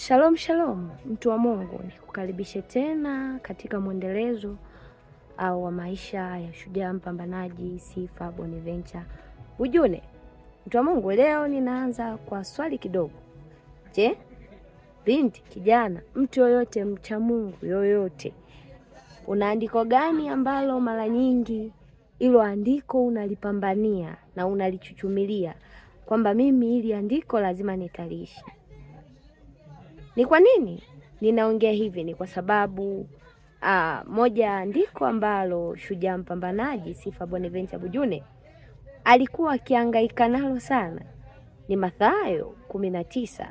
Shalom shalom, mtu wa Mungu, nikukaribishe tena katika mwendelezo au wa maisha ya shujaa mpambanaji Sifa Bonaventure Ujune. Mtu wa Mungu, leo ninaanza kwa swali kidogo. Je, binti, kijana, mtu yoyote mcha Mungu yoyote, una andiko gani ambalo mara nyingi hilo andiko unalipambania na unalichuchumilia kwamba mimi hili andiko lazima nitaliishi? Ni kwa nini ninaongea hivi? Ni kwa sababu uh, moja andiko ambalo shujaa mpambanaji Sifa Bonaventure Bujune alikuwa akihangaika nalo sana ni Mathayo kumi na tisa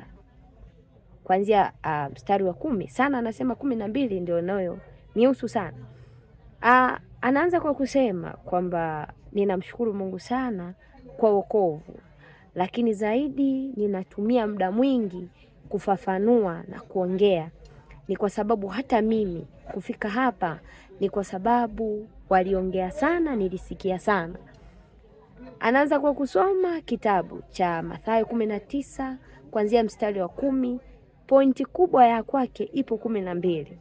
kuanzia uh, mstari wa kumi sana anasema kumi na mbili ndio nayo niusu sana. Uh, anaanza kwa kusema kwamba ninamshukuru Mungu sana kwa wokovu, lakini zaidi ninatumia muda mwingi kufafanua na kuongea. Ni kwa sababu hata mimi kufika hapa ni kwa sababu waliongea sana, nilisikia sana. Anaanza kwa kusoma kitabu cha Mathayo kumi na tisa kuanzia mstari wa kumi. Pointi kubwa ya kwake ipo kumi na mbili.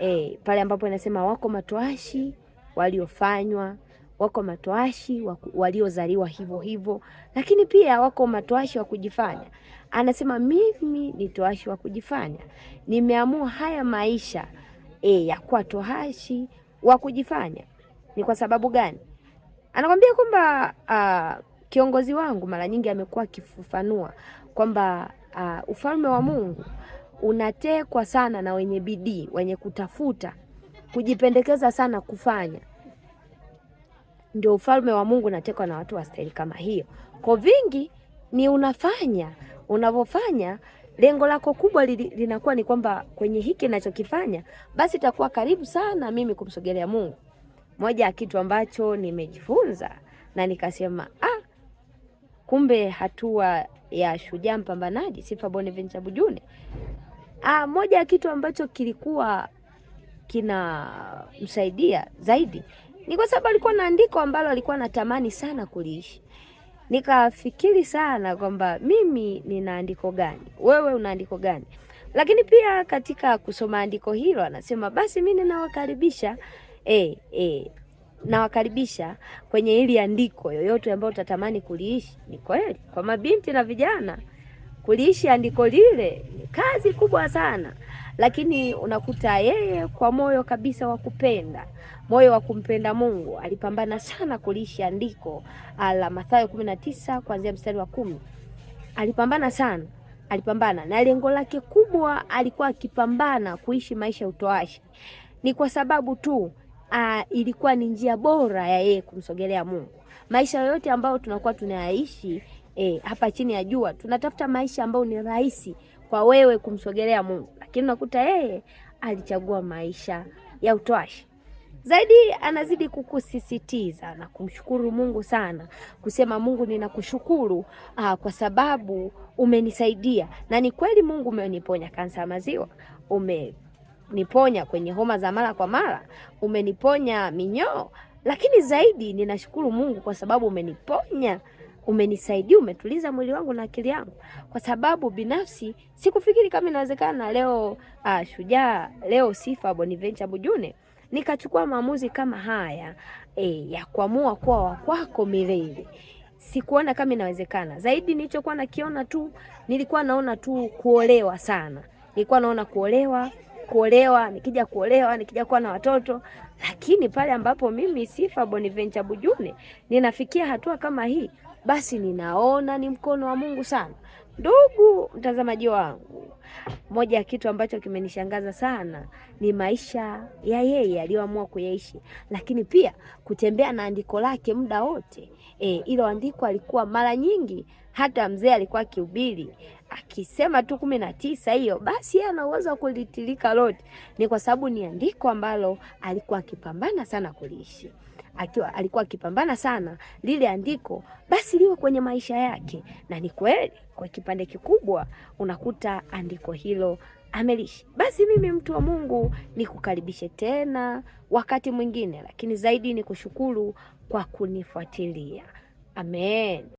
E, pale ambapo inasema wako matoashi waliofanywa wako matoashi waliozaliwa hivyo hivyo, lakini pia wako matoashi wa kujifanya. Anasema mimi ni toashi wa kujifanya, nimeamua haya maisha e, ya kuwa toashi wa kujifanya. Ni kwa sababu gani? Anakwambia kwamba uh, kiongozi wangu mara nyingi amekuwa akifafanua kwamba uh, ufalme wa Mungu unatekwa sana na wenye bidii, wenye kutafuta, kujipendekeza sana kufanya ndio ufalme wa Mungu unatekwa na watu wa staili kama hiyo. Kwa vingi ni unafanya unavyofanya, lengo lako kubwa li, linakuwa ni kwamba kwenye hiki ninachokifanya basi itakuwa karibu sana mimi kumsogelea Mungu. Moja ya kitu ambacho nimejifunza na nikasema ah, kumbe hatua ya shujaa mpambanaji Sifa Bonaventure Bujune. Ah, moja ya kitu ambacho kilikuwa kinamsaidia zaidi ni kwa sababu alikuwa na andiko ambalo alikuwa natamani sana kuliishi. Nikafikiri sana kwamba mimi nina andiko gani, wewe una andiko gani? Lakini pia katika kusoma andiko hilo anasema basi mimi ninawakaribisha e, e, nawakaribisha kwenye hili andiko yoyote ambayo utatamani kuliishi. Ni kweli kwa mabinti na vijana kuliishi andiko lile ni kazi kubwa sana lakini unakuta yeye kwa moyo kabisa wa kupenda, moyo wa kumpenda Mungu alipambana sana kuliishi andiko ah, la Mathayo 19 kuanzia mstari wa kumi. Alipambana sana, alipambana na lengo lake kubwa, alikuwa akipambana kuishi maisha ya utoashi. Ni kwa sababu tu a, ah, ilikuwa ni njia bora ya yeye kumsogelea Mungu. Maisha yoyote ambayo tunakuwa tunayaishi eh, hapa chini ya jua tunatafuta maisha ambayo ni rahisi kwa wewe kumsogelea Mungu lakini unakuta yeye alichagua maisha ya utoashi zaidi. Anazidi kukusisitiza na kumshukuru Mungu sana, kusema Mungu, ninakushukuru ah, kwa sababu umenisaidia na ni kweli Mungu umeniponya kansa ya maziwa, umeniponya kwenye homa za mara kwa mara, umeniponya minyoo, lakini zaidi ninashukuru Mungu kwa sababu umeniponya umenisaidia, umetuliza mwili wangu na akili yangu, kwa sababu binafsi sikufikiri kama inawezekana leo uh, Shujaa leo Sifa Bonaventure Bujune nikachukua maamuzi kama haya e, ya kuamua kuwa wakwako milele. Sikuona kama inawezekana. Zaidi nilichokuwa nakiona tu, nilikuwa naona tu kuolewa sana, nilikuwa naona kuolewa kuolewa nikija kuolewa nikija kuwa na watoto. Lakini pale ambapo mimi Sifa Bonaventure Bujune ninafikia hatua kama hii, basi ninaona ni mkono wa Mungu sana. Ndugu mtazamaji wangu, moja ya kitu ambacho kimenishangaza sana ni maisha ya yeye aliyoamua kuyaishi, lakini pia kutembea na andiko lake muda wote. E, ilo andiko alikuwa mara nyingi hata mzee alikuwa akihubiri akisema tu kumi na tisa hiyo, basi yeye ana uwezo wa kulitilika lote. Ni kwa sababu ni andiko ambalo alikuwa akipambana sana kuliishi akiwa alikuwa akipambana sana lile andiko, basi liwe kwenye maisha yake. Na ni kweli kwa kipande kikubwa unakuta andiko hilo amelishi. Basi mimi mtu wa Mungu nikukaribishe tena wakati mwingine, lakini zaidi ni kushukuru kwa kunifuatilia. Amen.